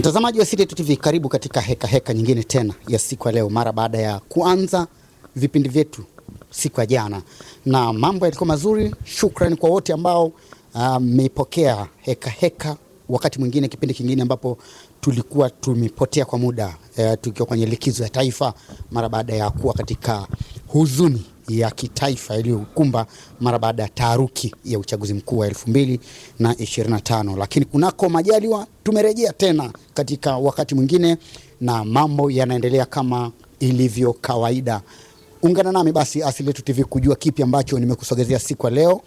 Mtazamaji wa City TV, karibu katika heka heka nyingine tena ya siku ya leo, mara baada ya kuanza vipindi vyetu siku ya jana, na mambo yalikuwa mazuri. Shukrani kwa wote ambao ah, mmeipokea uh, heka heka. Wakati mwingine, kipindi kingine ambapo tulikuwa tumepotea kwa muda uh, tukiwa kwenye likizo ya taifa, mara baada ya kuwa katika huzuni ya kitaifa iliyokumba mara baada ya taharuki ya uchaguzi mkuu wa 2025. Lakini kunako majaliwa tumerejea tena katika wakati mwingine na mambo yanaendelea kama ilivyo kawaida. Ungana nami basi Asili Yetu TV kujua kipi ambacho nimekusogezea siku ya leo.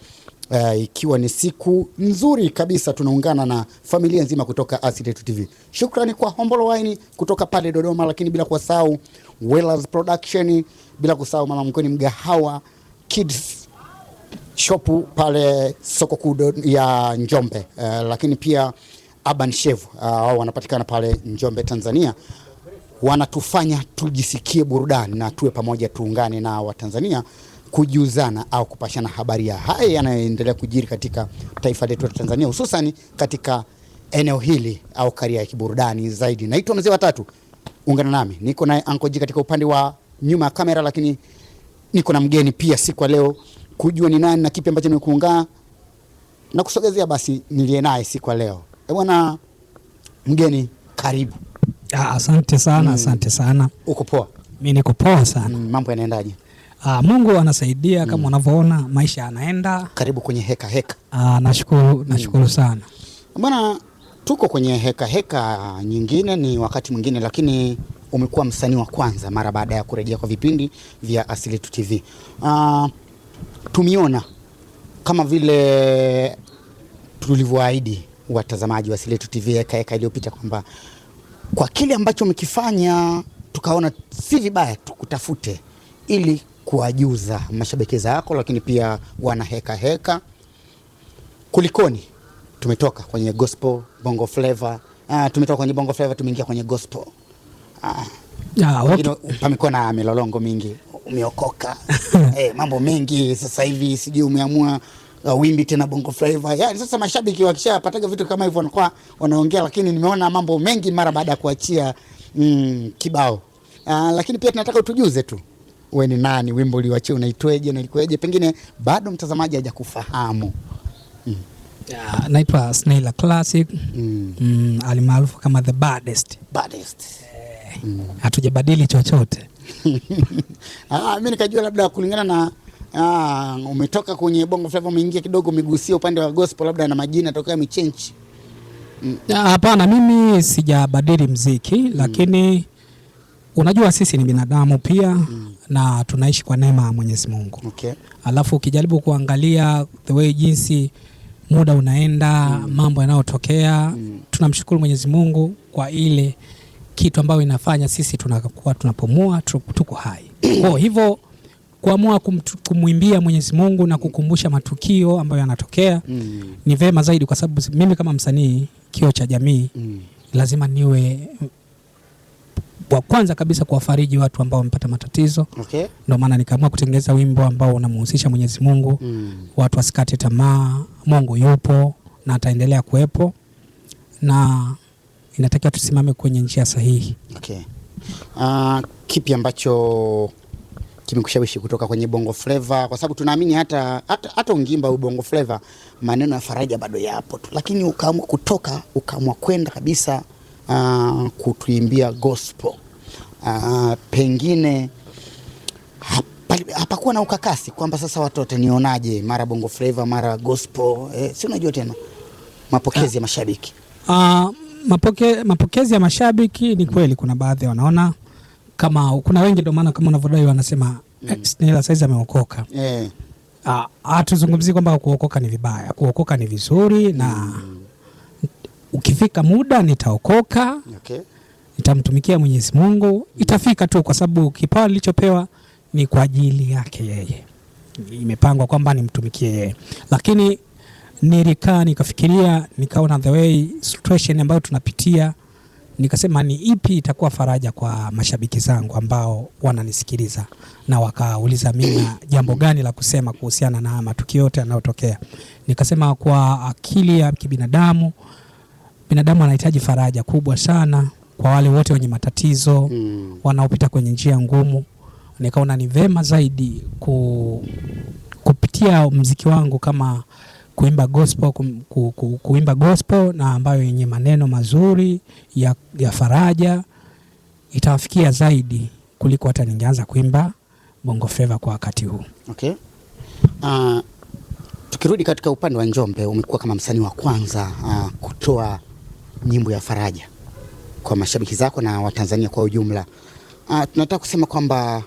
Uh, ikiwa ni siku nzuri kabisa, tunaungana na familia nzima kutoka Asili TV. Shukrani kwa Hombolo Wine kutoka pale Dodoma, lakini bila kusahau Wellers Production, bila kusahau mama Mkoni mgahawa Kids Shop pale soko kuu ya Njombe. Uh, lakini pia Aban Chef eh, wao uh, wanapatikana pale Njombe, Tanzania wanatufanya tujisikie burudani na tuwe pamoja, tuungane na Watanzania kujuzana au kupashana habari ya haya yanayoendelea kujiri katika taifa letu la Tanzania, hususan katika eneo hili au karia ya kiburudani zaidi. Naitwa Mzee Watatu, ungana nami, niko naye Anko G katika upande wa nyuma ya kamera, lakini niko na mgeni pia siku ya leo kujua ni nani na kipi ambacho nimekuungaa na kusogezea basi nilie naye siku ya leo. E bwana mgeni, karibu. Ah, asante sana. Mm, asante sana. Uko poa? Mimi niko poa sana. Mm, mambo yanaendaje? Aa, ah, Mungu anasaidia kama mm. unavyoona maisha yanaenda karibu kwenye heka heka. Uh, nashukuru mm. nashukuru sana bwana, tuko kwenye heka heka nyingine, ni wakati mwingine, lakini umekuwa msanii wa kwanza mara baada ya kurejea kwa vipindi vya Asili Yetu TV. Uh, ah, tumiona kama vile tulivyoahidi watazamaji wa Asili Yetu TV heka heka iliyopita kwamba kwa kile ambacho umekifanya tukaona si vibaya tukutafute ili kuwajuza mashabiki zako, lakini pia wana heka heka kulikoni. Tumetoka kwenye gospel bongo flavor ah, tumetoka kwenye bongo flavor tumeingia kwenye gospel ah, ah, yeah, pamekuwa na milolongo mingi, umeokoka eh, mambo mengi sasa hivi sijui umeamua Uh, wimbi tena bongo flavor yani, sasa mashabiki wakishapataga vitu kama hivyo wanakuwa wanaongea, lakini nimeona mambo mengi mara baada ya kuachia mm, kibao uh, lakini pia tunataka utujuze tu we ni nani, wimbo uliwachia unaitweje na ilikuweje, pengine bado mtazamaji hajakufahamu. mm. Yeah, naitwa Classic mm. mm, alimaarufu kama the baddest. Baddest. Eh, mm. hatujabadili chochote ah, mi nikajua labda kulingana na ah, umetoka kwenye bongo flava umeingia kidogo umegusia upande wa gospel labda na majina tokea michenchi. Mm. Ah, hapana, mm. mimi sijabadili mziki mm. lakini Unajua sisi ni binadamu pia mm. na tunaishi kwa neema ya Mwenyezi Mungu okay. Alafu ukijaribu kuangalia the way jinsi muda unaenda mm. mambo yanayotokea mm. tunamshukuru Mwenyezi Mungu kwa ile kitu ambayo inafanya sisi tunakuwa tunapumua, tuko hai kwa hivyo kuamua kumwimbia Mwenyezi Mungu na kukumbusha matukio ambayo yanatokea mm. ni vema zaidi, kwa sababu mimi kama msanii kio cha jamii mm. lazima niwe wa kwanza kabisa kuwafariji watu ambao wamepata matatizo okay. Ndio maana nikaamua kutengeneza wimbo ambao unamhusisha Mwenyezi Mungu mm. Watu wasikate tamaa, Mungu yupo na ataendelea kuwepo na inatakiwa tusimame kwenye njia sahihi okay. Uh, kipi ambacho kimekushawishi kutoka kwenye Bongo Flava kwa sababu tunaamini hata, hata, hata ungimba u Bongo Flava maneno ya faraja bado yapo tu, lakini ukaamua kutoka ukaamua kwenda kabisa uh, kutuimbia gospel aa, ah, pengine hapakuwa na ukakasi kwamba sasa watu watanionaje, mara bongo flavor, mara gospel eh, si unajua tena mapokezi ya ah. mashabiki aa, ah, mapoke, mapokezi ya mashabiki ni kweli, kuna baadhi wanaona kama kuna wengi, ndio maana kama unavyodai wanasema mm. Eh, Snela saizi ameokoka eh. Hatuzungumzii kwamba kuokoka ni vibaya, kuokoka ni vizuri mm. na ukifika muda nitaokoka okay itamtumikia Mwenyezi Mungu, itafika tu, kwa sababu kipawa nilichopewa ni kwa ajili yake yeye, imepangwa kwamba nimtumikie yeye. Lakini nilikaa nikafikiria, nikaona the way situation ambayo tunapitia, nikasema ni ipi itakuwa faraja kwa mashabiki zangu ambao wananisikiliza na wakauliza mimi jambo gani la kusema kuhusiana na matukio yote yanayotokea. Nikasema kwa akili ya kibinadamu, binadamu anahitaji faraja kubwa sana kwa wale wote wenye matatizo mm. wanaopita kwenye njia ngumu. Nikaona ni vema zaidi ku, kupitia mziki wangu kama kuimba gospel, ku, ku, ku, kuimba gospel na ambayo yenye maneno mazuri ya, ya faraja itawafikia zaidi kuliko hata ningeanza kuimba bongo flava kwa wakati huu. Okay. Uh, tukirudi katika upande wa Njombe, umekuwa kama msanii wa kwanza uh, kutoa nyimbo ya faraja kwa mashabiki zako na Watanzania kwa ujumla. Uh, tunataka kusema kwamba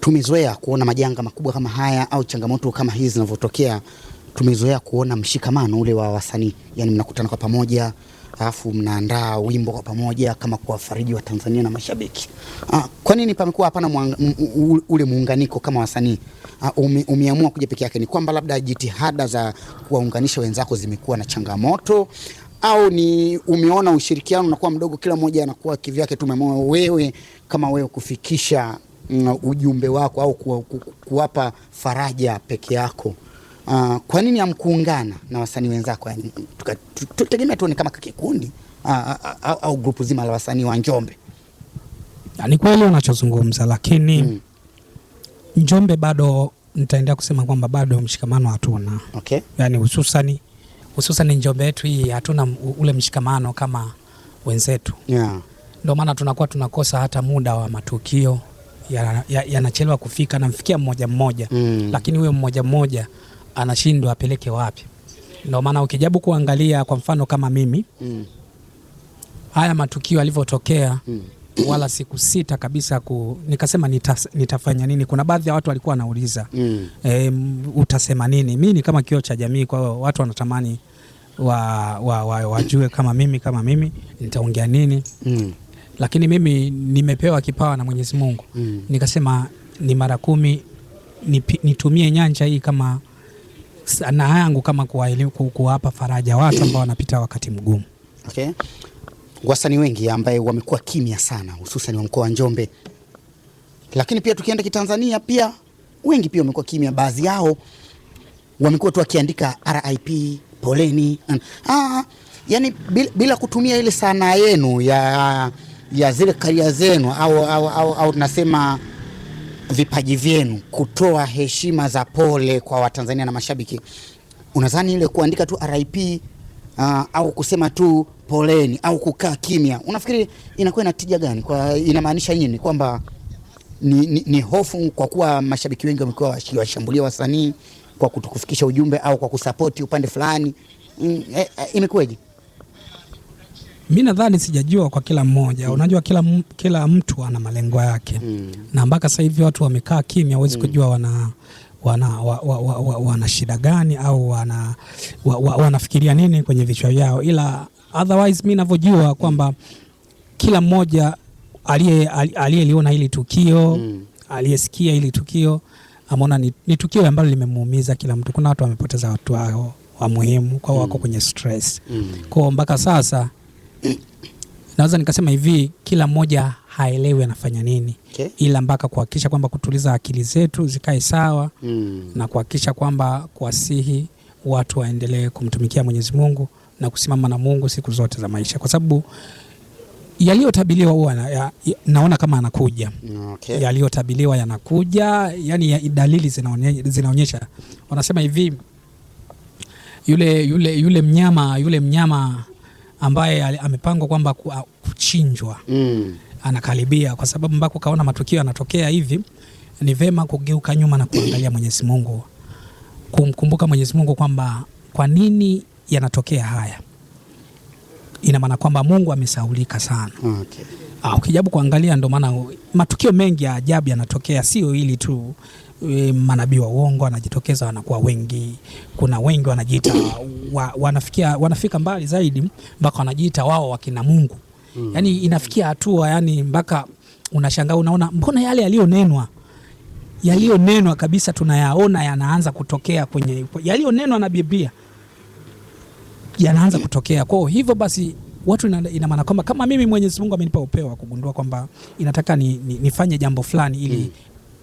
tumezoea kuona majanga makubwa kama haya au changamoto kama hizi zinavyotokea. Tumezoea kuona mshikamano ule wa wasanii, yani mnakutana kwa pamoja alafu mnaandaa wimbo kwa pamoja kama kuwafariji wa Tanzania na mashabiki. Ah, kwa nini pamekuwa hapana ule muunganiko kama wasanii? Ah, ume, umeamua kuja peke yake? Ni kwamba labda jitihada za kuwaunganisha wenzako zimekuwa na changamoto au ni umeona ushirikiano unakuwa mdogo, kila mmoja anakuwa kivyake tu? Umeona wewe kama wewe kufikisha mm, ujumbe wako au ku, ku, ku, kuwapa faraja peke yako uh, kwa nini hamkuungana na wasanii wenzako? Yani tutegemea tuone kama kikundi uh, au, au grupu zima la wasanii wa Njombe. Ni kweli unachozungumza, lakini mm. Njombe bado nitaendelea kusema kwamba bado mshikamano hatuna okay. Yani hususani hususan Njombe yetu hii hatuna ule mshikamano kama wenzetu yeah. Ndio maana tunakuwa tunakosa hata muda wa matukio yanachelewa ya, ya kufika, namfikia mmoja mmoja mm. Lakini huyo mmoja mmoja anashindwa apeleke wapi. Ndio maana ukijabu kuangalia kwa mfano kama mimi mm. haya matukio yalivyotokea mm wala siku sita kabisa ku, nikasema nita, nitafanya nini. Kuna baadhi ya watu walikuwa wanauliza mm. E, utasema nini? Mi ni kama kioo cha jamii, kwa hiyo watu wanatamani wa, wa, wa, wajue kama mimi kama mimi nitaongea nini mm. Lakini mimi nimepewa kipawa na Mwenyezi Mungu mm. Nikasema ni mara kumi nitumie nyanja hii kama sanaa yangu kama kuwapa faraja watu ambao wanapita wakati mgumu. Okay wasanii wengi ambaye wamekuwa kimya sana hususan wa mkoa wa Njombe, lakini pia tukienda kitanzania pia wengi pia wamekuwa kimya, baadhi yao wamekuwa tu wakiandika RIP poleni, ah, yani bila, kutumia ile sanaa yenu ya, ya zile karia zenu au, au, au, au tunasema vipaji vyenu kutoa heshima za pole kwa Watanzania na mashabiki. Unadhani ile kuandika tu RIP uh, au kusema tu poleni au kukaa kimya, unafikiri inakuwa ina tija gani? Kwa inamaanisha nini? Kwamba ni, ni, ni hofu kwa kuwa mashabiki wengi wamekuwa washambulia wasanii kwa kutukufikisha ujumbe au kwa kusapoti upande fulani mm, e, e, imekuwaje? Mi nadhani sijajua kwa kila mmoja mm. Unajua kila, kila mtu ana malengo yake mm. Na mpaka sasa hivi watu wamekaa kimya, huwezi mm. kujua wana wana, wa, wa, wa, wa, wana shida gani au wana, wa, wa, wanafikiria nini kwenye vichwa vyao, ila otherwise mimi ninavyojua kwamba kila mmoja aliyeliona hili tukio mm. aliyesikia hili tukio ameona ni, ni tukio ambalo limemuumiza kila mtu. Kuna watu wamepoteza watu wao wa muhimu kwao, hmm. wako kwenye stress mm. kwao mpaka sasa naweza nikasema hivi kila mmoja haelewi anafanya nini okay. Ila mpaka kuhakikisha kwamba kutuliza akili zetu zikae sawa mm. na kuhakikisha kwamba kuwasihi watu waendelee kumtumikia Mwenyezi Mungu na kusimama na Mungu siku zote za maisha, kwa sababu yaliyotabiliwa huwa ya, naona kama anakuja okay. Yaliyotabiliwa yanakuja, yani ya, dalili zinaonyesha. Wanasema hivi yule, yule, yule mnyama yule mnyama ambaye amepangwa kwamba kuchinjwa mm anakaribia, kwa sababu mpaka kaona matukio yanatokea hivi, ni vema kugeuka nyuma na kuangalia Mwenyezi Mungu, kumkumbuka Mwenyezi Mungu kwamba kwa nini yanatokea haya. Ina maana kwamba Mungu amesahulika sana, okay. Ah, Ukijabu kuangalia, ndio maana matukio mengi ya ajabu yanatokea, sio hili tu. E, manabii wa uongo wanajitokeza, wanakuwa wengi. Kuna wengi wanajiita wa, wanafikia, wanafika mbali zaidi mpaka wanajiita wao wakina Mungu mm. Yani inafikia hatua yani mpaka unashangaa, unaona mbona yale yaliyonenwa yaliyonenwa kabisa tunayaona yanaanza kutokea kwenye yaliyonenwa na bibia yanaanza kutokea kwao. Hivyo basi watu ina, ina maana kwamba kama mimi Mwenyezi Mungu amenipa upeo wa kugundua kwamba inataka ni, ni, nifanye jambo fulani ili mm.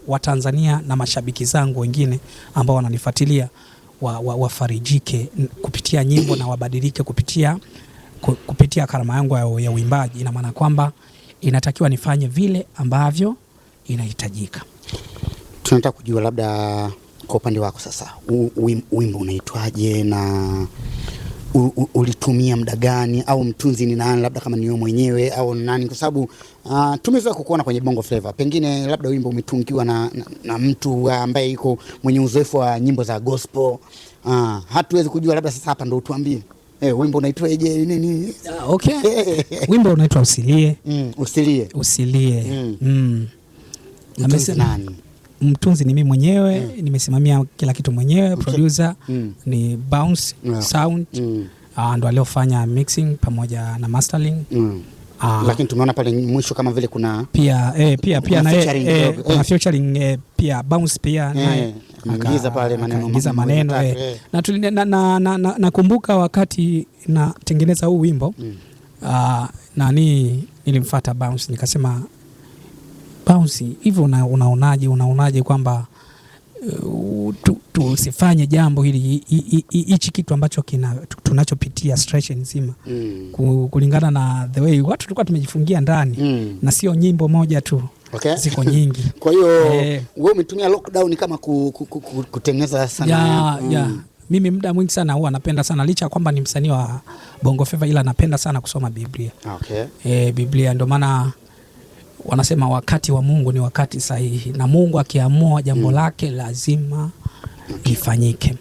Watanzania na mashabiki zangu wengine ambao wananifuatilia wafarijike wa, wa kupitia nyimbo na wabadilike kupitia kupitia karama yangu ya, uimbaji, ina maana kwamba inatakiwa nifanye vile ambavyo inahitajika. Tunataka kujua labda kwa upande wako sasa, wimbo unaitwaje na u, u, ulitumia muda gani, au mtunzi ni nani, labda kama ni wewe mwenyewe au nani? Kwa sababu uh, tumezoea kukuona kwenye Bongo Flava, pengine labda wimbo umetungiwa na, na, na mtu ambaye yuko mwenye uzoefu wa nyimbo za gospel uh, hatuwezi kujua labda sasa, hapa ndo utuambie Eh, wimbo unaitwa unaitwaje nini? Ah, okay. Wimbo unaitwa Usilie. Mm, usilie. Usilie. Mm. Mm. Amesema nani? Mtunzi ni mimi mwenyewe mm. Nimesimamia kila kitu mwenyewe okay. Producer mm. ni Bounce yeah. Sound mm. Uh, ndo aliofanya mixing pamoja na mastering mm. Ah. Lakini tumeona pale mwisho kama vile kuna pia eh, pia pia na eh, eh kuna featuring eh, pia bounce pia eh, naye akaingiza pale maneno akaingiza maneno eh. Na nakumbuka wakati natengeneza huu wimbo mm. Uh, nani nilimfuata bounce nikasema, bounce, hivyo unaonaje unaonaje kwamba Eh, tusifanye jambo hili hichi kitu ambacho kina tunachopitia stretch nzima mm. kulingana na the way watu tulikuwa tumejifungia ndani mm. na sio nyimbo moja tu okay. Ziko nyingi kwa hiyo eh. wewe umetumia lockdown kama ku, ku, ku, ku, kutengeneza ya, mm. yeah. Mimi muda mwingi sana huwa napenda sana licha ya kwamba ni msanii wa Bongo feva ila napenda sana kusoma Biblia okay. E, Biblia ndio maana wanasema wakati wa Mungu ni wakati sahihi, na Mungu akiamua jambo mm. lake lazima lifanyike.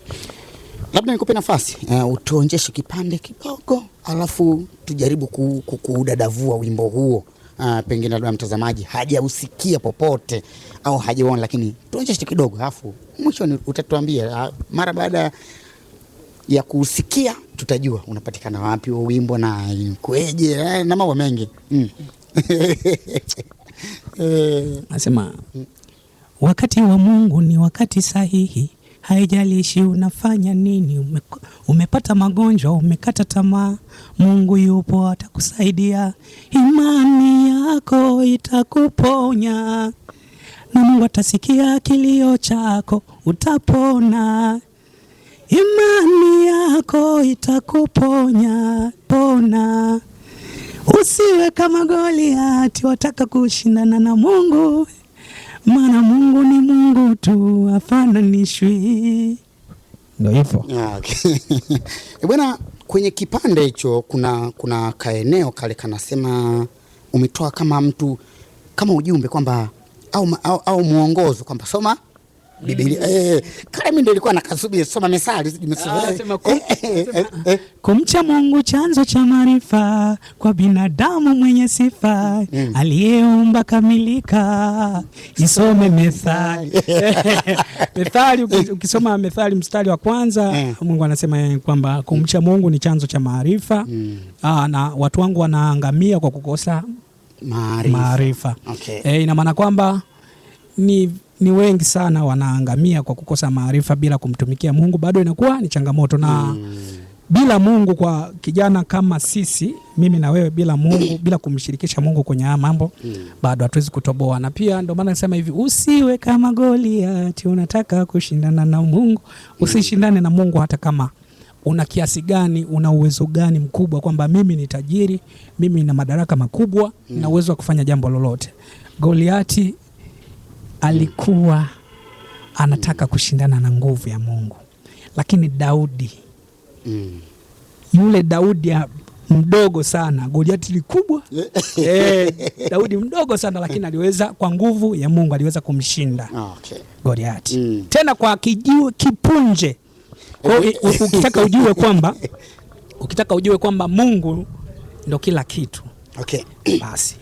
Labda nikupe nafasi uh, utuonjeshe kipande kidogo, alafu tujaribu kuudadavua wimbo huo. Uh, pengine labda mtazamaji hajausikia popote au hajauona, lakini tuonjeshe kidogo, alafu mwisho utatuambia uh, mara baada ya kuusikia tutajua unapatikana wapi huo wimbo na kweje eh, na mambo mengi mm. Anasema wakati wa Mungu ni wakati sahihi, haijalishi unafanya nini. Ume, umepata magonjwa, umekata tamaa, Mungu yupo atakusaidia. Imani yako itakuponya na Mungu atasikia kilio chako, utapona. Imani yako itakuponya pona Usiwe kama Goliati, wataka kushindana na Mungu, maana Mungu ni Mungu tu, afananishwi Ndio hivyo ah, okay. Eh, bwana, kwenye kipande hicho kuna kuna kaeneo kale kanasema, umetoa kama mtu kama ujumbe kwamba au, au, au mwongozo kwamba soma Biblia. Mm. Eh, eh, kale mimi ndio nilikuwa nakasubiri soma mesali nimesoma. Ah, eh, eh, kumcha Mungu chanzo cha maarifa kwa binadamu mwenye sifa mm. aliyeumba kamilika. Isome methali. Methali ukisoma methali mstari wa kwanza mm. Mungu anasema kwamba kumcha mm. Mungu ni chanzo cha maarifa mm. Ah, na watu wangu wanaangamia kwa kukosa maarifa. Okay. Eh, ina maana kwamba ni ni wengi sana wanaangamia kwa kukosa maarifa bila kumtumikia Mungu, bado inakuwa ni changamoto na mm. bila Mungu kwa kijana kama sisi, mimi na wewe, bila Mungu, bila kumshirikisha Mungu kwenye haya mambo mm. bado hatuwezi kutoboa, na pia ndio maana nasema hivi, usiwe kama Goliati. Unataka kushindana na Mungu, usishindane na Mungu hata kama una kiasi gani, una uwezo gani mkubwa, kwamba mimi ni tajiri, mimi na madaraka makubwa, hmm. na uwezo wa kufanya jambo lolote. Goliati alikuwa anataka kushindana na nguvu ya Mungu, lakini Daudi mm. yule Daudi mdogo sana, Goliati likubwa eh, Daudi mdogo sana lakini aliweza kwa nguvu ya Mungu aliweza kumshinda ah, okay. Goliati mm. tena kwa kijiwe kipunje. Kwa ukitaka ujue kwamba ukitaka ujue kwamba Mungu ndo kila kitu okay. basi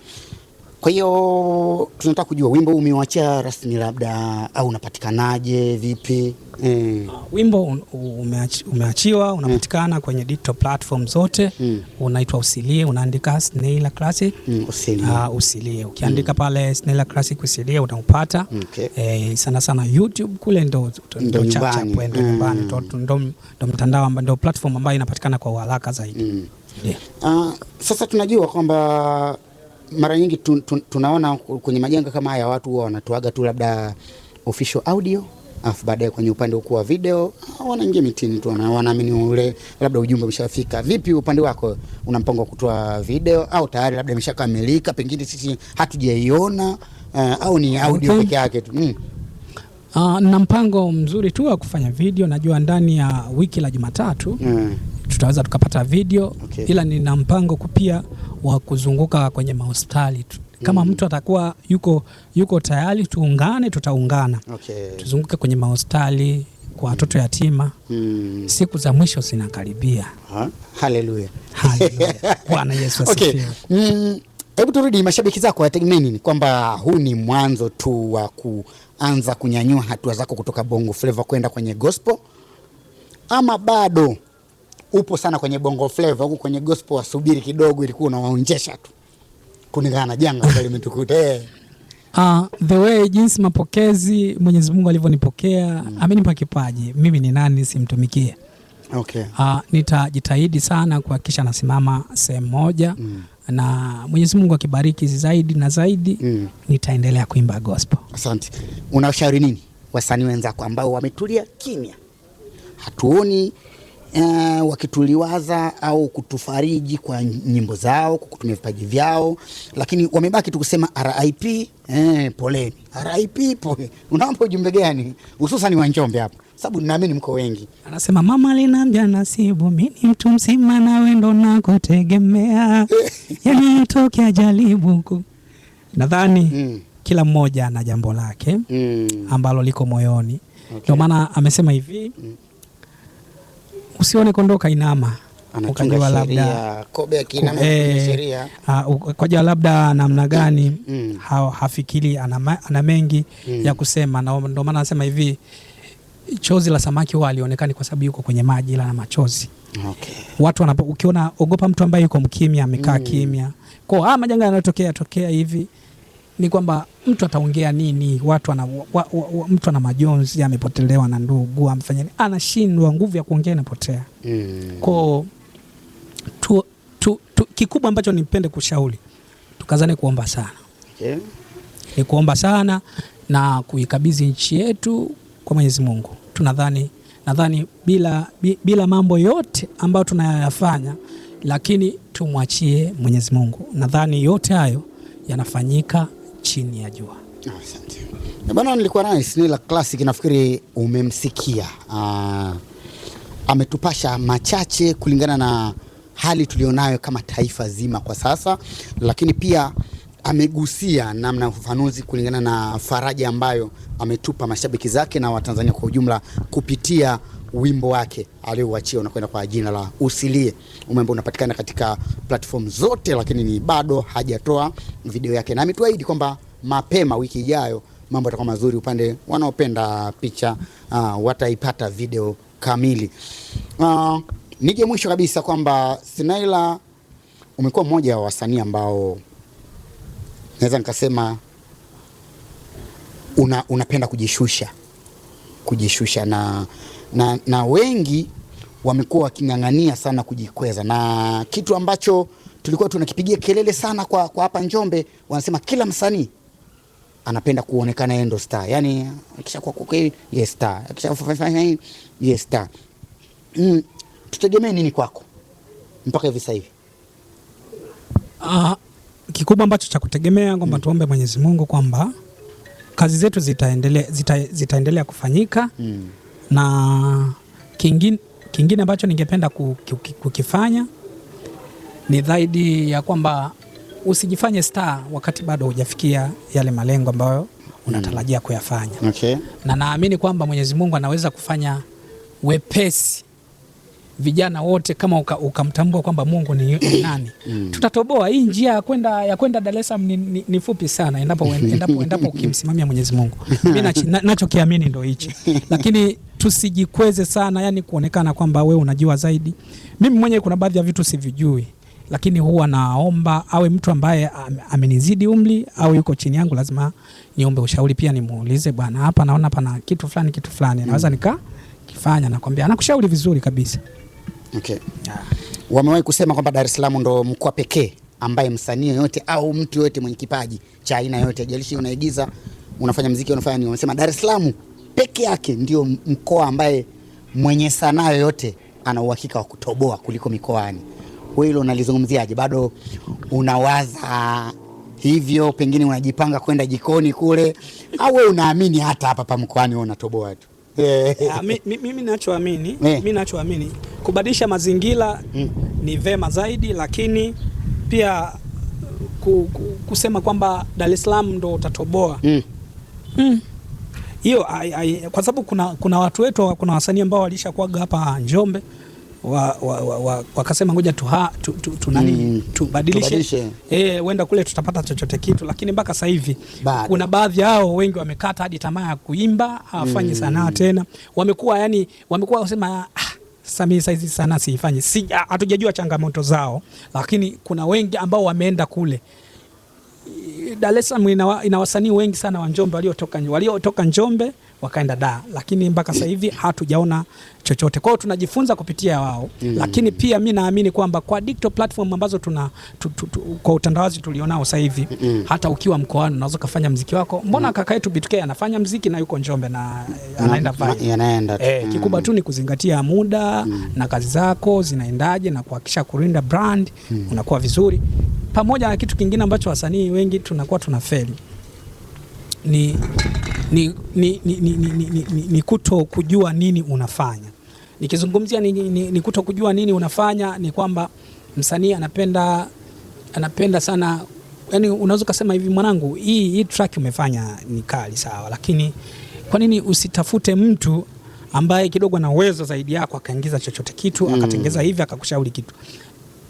kwa hiyo tunataka kujua wimbo huu umewachia rasmi labda au unapatikanaje vipi? Mm. wimbo umeachi, umeachiwa unapatikana mm. kwenye digital platform zote mm. unaitwa Usilie, unaandika Snaila Classic mm, Usilie. uh, Usilie ukiandika mm. pale Snaila Classic Usilie utaupata. okay. Eh, sana sana YouTube kule ndo ndo chacha kwenda hmm. nyumbani ndo mtandao ambao ndo platform ambayo inapatikana kwa uharaka zaidi. mm. yeah. Uh, sasa tunajua kwamba mara nyingi tun, tun, tunaona kwenye majanga kama haya watu huwa wanatoaga tu labda official audio afu baadaye kwenye upande huko wa video wanaingia mitini tu, wanaamini ule labda ujumbe umeshafika. Vipi upande wako, una mpango wa kutoa video au tayari labda imeshakamilika, pengine sisi hatujaiona uh, au ni audio peke yake tu mm? Uh, ah, na mpango mzuri tu wa kufanya video, najua ndani ya wiki la Jumatatu mm tutaweza tukapata video okay. Ila nina mpango pia wa kuzunguka kwenye mahospitali kama mm. mtu atakuwa yuko, yuko tayari tuungane, tutaungana okay. Tuzunguke kwenye mahospitali kwa watoto yatima mm. Siku za mwisho zinakaribia. Haleluya, haleluya, Bwana Yesu asifiwe. Mm, hebu turudi, mashabiki zako wategemea ni Kwamba huu ni mwanzo tu wa kuanza kunyanyua hatua zako kutoka bongo fleva kwenda kwenye gospel ama bado upo sana kwenye bongo flavor huko kwenye gospel, wasubiri kidogo, ilikuwa unawaonjesha tu kuningana na janga ambalo limetukuta eh. Uh, the way jinsi mapokezi Mwenyezi Mungu alivyonipokea mm. amenipa kipaji. Mimi ni nani simtumikie? Okay. Uh, nitajitahidi sana kuhakikisha nasimama sehemu moja mm. na Mwenyezi Mungu akibariki zaidi na zaidi mm. nitaendelea kuimba gospel. Asante. Unashauri nini wasanii wenzako ambao wametulia kimya, hatuoni Eh, wakituliwaza au kutufariji kwa nyimbo zao kwa kutumia vipaji vyao, lakini wamebaki tu kusema RIP. Eh, poleni RIP, pole. Unaomba ujumbe gani, hususan wa Njombe hapa, sababu naamini mko wengi. Anasema mama aliniambia nasibu mimi ni mtu mzima, nawe ndo nakutegemea yani tokea jaribu nadhani mm. Kila mmoja ana jambo lake mm. ambalo liko moyoni ndio okay. Maana amesema hivi mm usione kondoka inama ukajua labda kobe akiinama kwenye eh, sheria ukajua labda namna gani mm. ha, hafikiri ana, ana mengi mm. ya kusema, na ndio maana anasema hivi chozi la samaki huwa alionekani kwa sababu yuko kwenye maji, ila na machozi okay. Watu wanapo ukiona ogopa mtu ambaye yuko mkimya, amekaa mm. kimya, kwa ah, majanga yanayotokea tokea hivi ni kwamba mtu ataongea nini? Watu ana, wa, wa, wa, mtu ana majonzi, amepotelewa na ndugu, amfanya nini, anashindwa, nguvu ya kuongea inapotea. mm. Kwa tu, tu, tu, kikubwa ambacho nipende kushauri tukazane kuomba sana okay. Ni kuomba sana na kuikabidhi nchi yetu kwa Mwenyezi Mungu. Tunadhani nadhani bila, bila mambo yote ambayo tunayafanya lakini tumwachie Mwenyezi Mungu. Nadhani yote hayo yanafanyika chini ya jua. Asante. bwana nilikuwa naye Snila Classic, nafikiri umemsikia. Ah, ametupasha machache kulingana na hali tulionayo kama taifa zima kwa sasa, lakini pia amegusia namna ya ufafanuzi kulingana na faraja ambayo ametupa mashabiki zake na Watanzania kwa ujumla kupitia wimbo wake aliouachia unakwenda kwa jina la Usilie. Umembo unapatikana katika platform zote, lakini ni bado hajatoa video yake, na ametuahidi kwamba mapema wiki ijayo mambo yatakuwa mazuri. Upande wanaopenda picha uh, wataipata video kamili. Uh, nije mwisho kabisa kwamba Sinaila umekuwa mmoja wa wasanii ambao naweza nikasema una, unapenda kujishusha kujishusha na na, na wengi wamekuwa waking'ang'ania sana kujikweza, na kitu ambacho tulikuwa tunakipigia kelele sana kwa, kwa hapa Njombe, wanasema kila msanii anapenda kuonekana yeye ndo star, yani akishakuwa kweli yeye star, akishafanya hivi yeye star. Mm, tutegemee nini kwako mpaka hivi sasa hivi? Ah, kikubwa ambacho cha kutegemea kwamba mm, tuombe Mwenyezi Mungu kwamba kazi zetu zitaendelea zita, zitaendelea kufanyika mm na kingine, kingine ambacho ningependa kukifanya ni zaidi ya kwamba usijifanye star wakati bado hujafikia yale malengo ambayo unatarajia hmm. kuyafanya. Okay. Na naamini kwamba Mwenyezi Mungu anaweza kufanya wepesi vijana wote kama ukamtambua uka kwamba Mungu ni, nani mm. Tutatoboa hii njia ya kwenda ya kwenda Dar es Salaam ni, ni, ni fupi sana endapo, endapo, endapo ukimsimamia Mwenyezi Mungu. Mimi nachokiamini na, na ndo hichi lakini tusijikweze sana, yani kuonekana kwamba wewe unajua zaidi. Mimi mwenyewe kuna baadhi ya vitu sivijui, lakini huwa naomba awe mtu ambaye amenizidi umri au yuko chini yangu, lazima niombe ushauri pia, nimuulize bwana, hapa naona pana kitu fulani, kitu fulani naweza mm. nika kifanya, nakwambia, anakushauri vizuri kabisa. Okay. Yeah. Wamewahi kusema kwamba Dar es Salaam ndo mkoa pekee ambaye msanii yoyote au mtu yoyote mwenye kipaji cha aina yoyote, jalishi unaigiza, unafanya mziki, unafanya nini, wamesema Dar es Salaam peke yake ndio mkoa ambaye mwenye sanaa yoyote ana uhakika wa kutoboa kuliko mikoani. Wewe hilo unalizungumziaje? Bado unawaza hivyo, pengine unajipanga kwenda jikoni kule, au wewe unaamini hata hapa pa mkoani wewe unatoboa tu? Ah, mimi ninachoamini mimi eh. ninachoamini kubadilisha mazingira mm, ni vema zaidi, lakini pia kusema kwamba Dar es Salaam ndo utatoboa mm. Mm hiyo kwa sababu kuna, kuna watu wetu kuna wasanii ambao walishakuaga hapa Njombe wa, wa, wa, wa, wakasema ngoja tu, tu, tu, tu, mm, tubadilishe eh, wenda kule tutapata chochote kitu, lakini mpaka sasa hivi kuna baadhi yao wengi wamekata hadi tamaa ya kuimba hawafanyi mm, sanaa tena, wamekuwa yani wamekuwa wasema ah, Samii saizi sana siifanye si ah, hatujajua changamoto zao, lakini kuna wengi ambao wameenda kule Dar es Salaam ina, wasanii wengi sana wa Njombe waliotoka waliotoka Njombe wakaenda da, lakini mpaka sasa hivi hatujaona chochote. Kwa hiyo tunajifunza kupitia wao mm. Lakini pia mi naamini kwamba kwa digital platform ambazo tuna tu, tu, tu, kwa utandawazi tulionao sasa hivi mm. Hata ukiwa mkoani unaweza kufanya mziki wako. Mbona mm. kaka yetu BTK anafanya mziki na yuko Njombe na anaenda pale yanaenda anaenda eh, mm. kikubwa tu ni kuzingatia muda mm. na kazi zako zinaendaje na kuhakikisha kulinda brand mm. unakuwa vizuri, pamoja na kitu kingine ambacho wasanii wengi tunakuwa tunafeli ni, ni, ni, ni, ni, ni, ni, ni, ni kuto kujua nini unafanya. Nikizungumzia ni, ni, ni kuto kujua nini unafanya ni kwamba msanii anapenda anapenda sana, yani unaweza ukasema hivi, mwanangu, hii hii track umefanya ni kali sawa, lakini kwa nini usitafute mtu ambaye kidogo ana uwezo zaidi yako akaingiza chochote kitu mm, akatengeza hivi akakushauri kitu.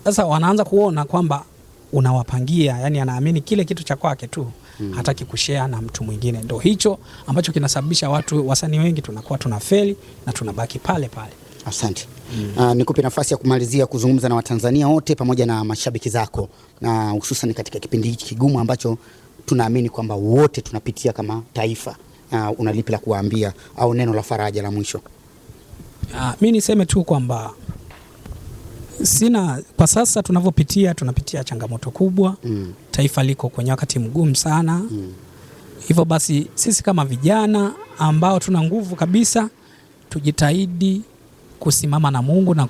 Sasa wanaanza kuona kwamba unawapangia, yani anaamini kile kitu cha kwake tu mm. hataki kushare na mtu mwingine. ndo hicho ambacho kinasababisha watu wasanii wengi tunakuwa tunafeli na tunabaki pale pale. Asante mm. Uh, nikupe nafasi ya kumalizia kuzungumza na Watanzania wote pamoja na mashabiki zako na hususan katika kipindi hiki kigumu ambacho tunaamini kwamba wote tunapitia kama taifa. Uh, ah, unalipi la kuwaambia au neno la faraja la mwisho? Uh, mi niseme tu kwamba sina kwa sasa tunavyopitia, tunapitia changamoto kubwa mm. Taifa liko kwenye wakati mgumu sana mm. Hivyo basi sisi kama vijana ambao tuna nguvu kabisa, tujitahidi kusimama na Mungu na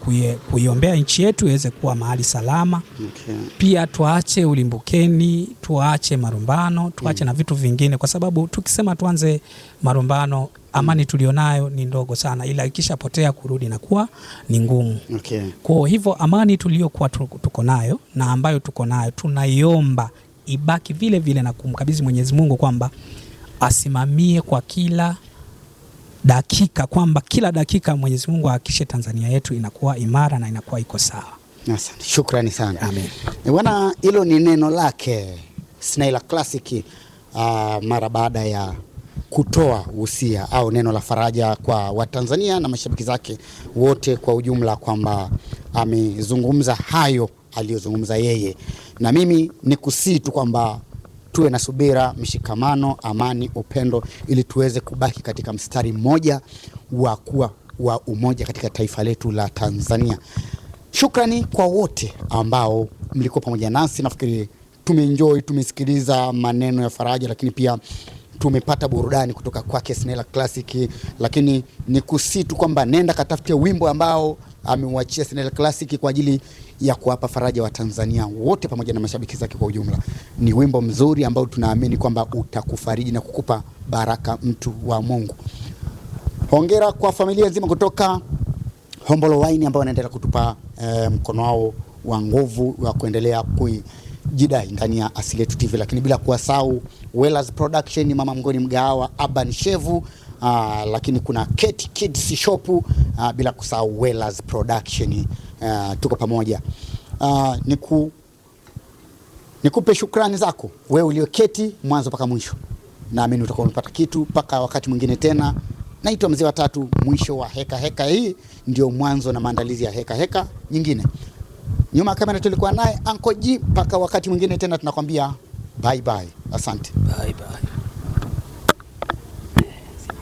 kuiombea nchi yetu iweze kuwa mahali salama. Okay. Pia tuache ulimbukeni, tuache marumbano, tuache mm. na vitu vingine, kwa sababu tukisema tuanze marumbano amani mm. tulionayo ni ndogo sana, ila ikishapotea kurudi na kuwa ni ngumu. Okay. Kwa hivyo amani tuliyokuwa tuko nayo na ambayo tuko nayo tunaiomba ibaki vile vile na kumkabidhi Mwenyezi Mungu kwamba asimamie kwa kila dakika kwamba kila dakika Mwenyezi Mungu ahakikishe Tanzania yetu inakuwa imara na inakuwa iko sawa. Asante. Shukrani sana. Amen. Eh, bwana, hilo ni neno lake Snaila Classic uh, mara baada ya kutoa usia au neno la faraja kwa Watanzania na mashabiki zake wote kwa ujumla kwamba amezungumza hayo aliyozungumza yeye, na mimi nikusii tu kwamba tuwe na subira, mshikamano, amani, upendo ili tuweze kubaki katika mstari mmoja wa kuwa wa umoja katika taifa letu la Tanzania. Shukrani kwa wote ambao mlikuwa pamoja nasi. Nafikiri tumeenjoy, tumesikiliza maneno ya faraja, lakini pia tumepata burudani kutoka kwake Snella Classic, lakini ni kusitu kwamba nenda katafute wimbo ambao ameuachia Snella Classic kwa ajili ya kuwapa faraja Watanzania wote pamoja na mashabiki zake kwa ujumla. Ni wimbo mzuri ambao tunaamini kwamba utakufariji na kukupa baraka, mtu wa Mungu. Hongera kwa familia nzima kutoka Hombolo Wine ambao wanaendelea kutupa eh, mkono wao wa nguvu wa kuendelea kui kujidai ndani ya Asili Yetu TV, lakini bila kuwasahau Wellers Production, mama mgoni Mgawa, Aban Shevu ah, lakini kuna Kate Kids Shop ah, bila kusahau Wellers Production uh, tuko pamoja uh, niku, nikupe shukrani zako wewe ulioketi mwanzo mpaka mwisho. Naamini utakuwa umepata kitu mpaka wakati mwingine tena. Naitwa Mzee wa Tatu. Mwisho wa heka heka hii ndio mwanzo na maandalizi ya heka heka nyingine. Nyuma ya kamera tulikuwa naye Anko G. Mpaka wakati mwingine tena, tunakwambia bye bye. Asante bye bye.